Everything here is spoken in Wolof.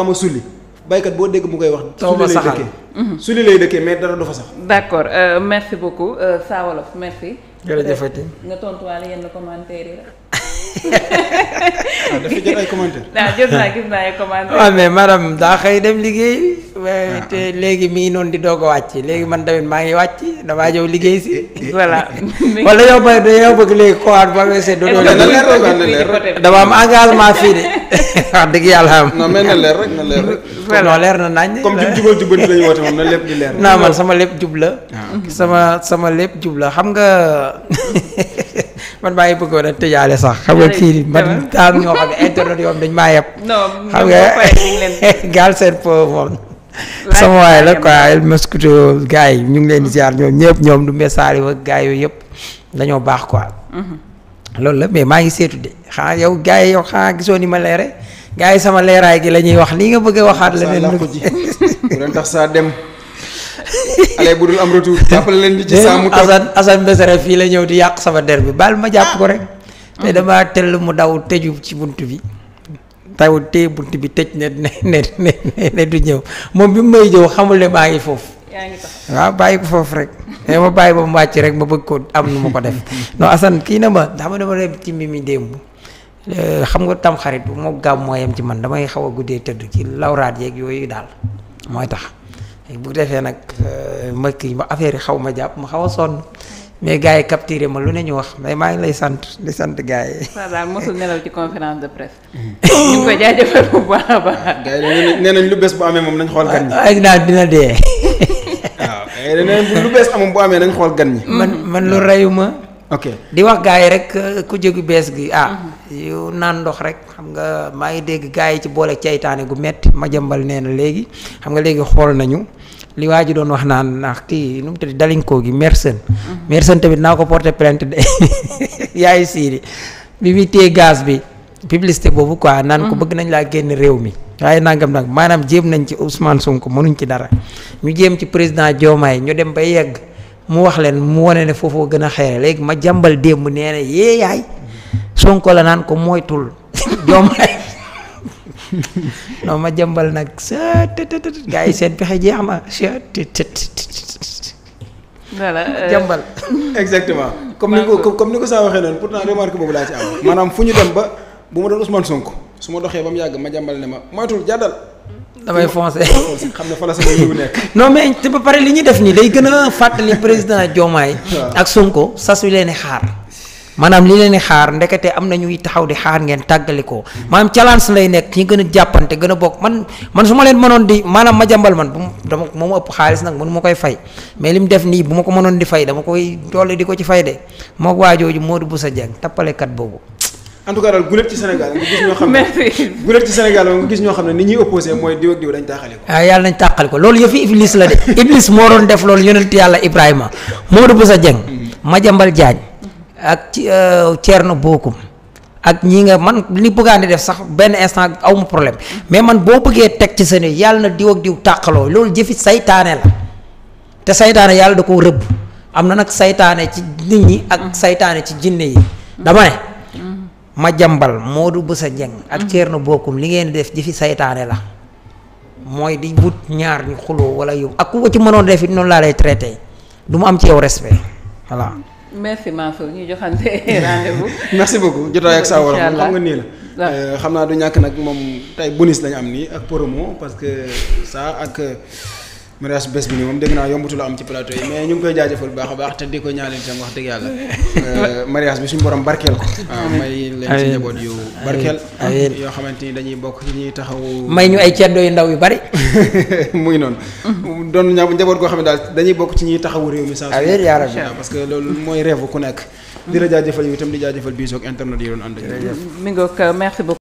ama sulli baykat boo dégg mu koy wax. taw ba saxal mhm. sulli lay dëkkee mais dara du fa sax. d'accord euh, merci beaucoup euh, Saa Wolof merci. jërëjëfati nga tontuwaale yenn commentaire yi rek. Ah, dafa ah, jot naa gis naa ay commentaires. waaw ah, mais daa xëy dem liggéey. te léegi mi ngi noonu di doog a wàcc léegi man tamit maa ngi wàcc damaa ñëw liggéey si. Eh, eh, eh. voilà wala yow ba yow bëgg léegi kowaat ba weesoo. est ce dama am engagement fii de wax dëgg yàlla. na leer rek na leer rek. non leer na nañ. comme jub jubal jubanti la ñu moom na lépp di leer. naa man sama lépp jub la. Ah, sama sama lépp jub la xam nga. man maa ngi bëggoon a tëjaale sax xam nga kii man daal ñoo xam ne internet yoom dañ maa yeb xam nga Galsen Pro moom sama waay la quoi El Mosquito gars yi ñu ngi leen di ziar ñoom ñëpp ñoom du message yi gaay gars yooyu yëpp dañoo baax quoi. Mm-hmm. loolu la mais maa ngi seetu de xanaa yow gars yi yow xanaa gisoo ni ma leere gars yi sama leeraay gi la ñuy wax lii nga bëgg waxaat. la leen ko ji bu dem. ale bu dul am retour di ci mu toog Assane Besere fii la ñëw di yàq sama der bi baal ma jàpp ko rek. te dama tell mu daw tëju ci bunt bi. taw téye bunt bi tëj ne ne ne ne du ñëw moom bi mu may ñëw xamul ne baa ngi foofu. waaw bàyyi ko foofu rek. mais eh, ma bàyyi ba mu wàcc rek ma bëgg ko am nu ma ko def. non Assane kii na ma dama dama dem ci Mimi démb. Eh, xam nga tam xarit bu moo gàmm moo yem ci man damay xaw a guddee tëdd ci lawraat yeeg yooyu daal mooy tax. Eh, bu defee nag ma kii ma affaire yi xaw ma jàpp ma xaw a sonn. mais gars yi capturé ma lu ne ñu wax may maa ngi lay sant di sant gars yi. waaw daal mosul nelaw ci conférence de presse. Mm. ñu ngi nañ lu bees bu amee moom nañ xool gan ñi. Ah, dina dee. waaw ah, amee nañ xool gan man mm. man lu reyu ma. ok di wax gars yi rek ku jégu bees gi ah. Mm-hmm. yu naan ndox rek xam nga maa ngi dégg gars yi ci boole ceytaane gu metti ma jëmbal nee na léegi xam nga léegi xool nañu. li waa ji doon wax naan ndax kii nu mu tudd dalinkoo gi Mersen. Mersen tamit naa ko porter plainte de yaay siiri bi muy téye gaz bi publicité boobu quoi. naan ko mm. bëgg nañ laa génn réew mi. waaye nangam nag maanaam jéem nañ ci Ousmane sunk mënuñ ci dara ñu jéem ci président Diomaye ñu dem ba yegg mu wax leen mu wane ne foofoo gën a xeere léegi ma jàmbal démb nee na yee yaay Sonko la naan ko moytul Diomaye non ma jëmbal nag sa tëtëtët gars yi seen pexe jeex na sa tëtëtët. voilà euh, jëmbal. exactement comme ni ko comme ni ko saa waxee noonu pourtant remarque boobu laa ci am maanaam fu ñu dem ba bu ma doon Ousmane Sonko su ma doxee ba mu yàgg ma jàmbal ne ma moytul jàddal. damay foncé xam ne fa la sama yiw nekk. non mais te ba pare li ñuy def nii day gën a fàttali président Diomaye. ak Sonko sas wi leen xaar. maanaam li leen di xaar ndekete am na ñuy taxaw di xaar ngeen tàggalikoo maanaam challenge lay nekk ñi gën a jàppante gën a bokk man man su ma leen mënoon di maanaam ma jàmbal man bu dama moo ma ëpp xaalis nag mënu ma koy fay mais li mu def nii bu ma ko mënoon di fay dama koy toll di ko ci fay de moo waajooju Modou Boussa Dieng tappalekat boobu en tout cas daal guléet ci Sénégal nga gis ñoo xam ne guléet ci nga gis ñoo xam ne ni ñuy opposé mooy diw ak diw dañ taaxali ko ah, yàlla nañ taaxali loolu yëfi iblis moo doon def loolu yonent yàlla Ibrahima Modou Boussa Dieng mm-hmm. Madiambal Diagne ak ci euh, Thierno Bokum ak ñii nga man li bëggaane def sax benn instant aw ma problème mais man boo bëggee teg ci seen ne yàlla na diw ak diw tàqaloo loolu jëfi saytaane la te seytaane yàlla da ko rëbb am na nag saytaane ci nit ñi ak mm. seytaane ci jinne yi dama ne mm. ma jambal Modou Boussa Dieng ak mm. Thierno Bokum li ngeen def jëfi saytaane la mooy di wut ñaar ñu xuloo wala yow ak ku ko ci mënoon def it noonu laa lay traité du mu am ci yow respect voilà merci Mansour ñu joxante rendez-vous. merci beaucoup jotaay ak Saa Wolof xam nga nii la. Euh, xam naa du ñàkk nag moom tey bonus lañu am nii ak promo parce que ça ak. Euh, mariage bés bi nii moom dégg naa yombutu la am ci plateau yi mais ñu ngi koy jaajëfal baax a baax te di ko ñaanal itam wax dëgg yàlla euh, mariage bi suñu borom barkeel ko ah, may leen ci njaboot yu barkeel yoo xamante ni dañuy bokk ci ñuy taxaw may ñu ay ceddo yu ndaw yu bari muy noonu mm-hmm. doon ña njaboot goo xam ne daal dañuy bokk ci ñuy taxawu réew mi saa su parce que loolu mooy rêve ku nekk di la mm-hmm. jaajëfal tam di jaajëfal biisoog internet yi doon ànd mi ngoog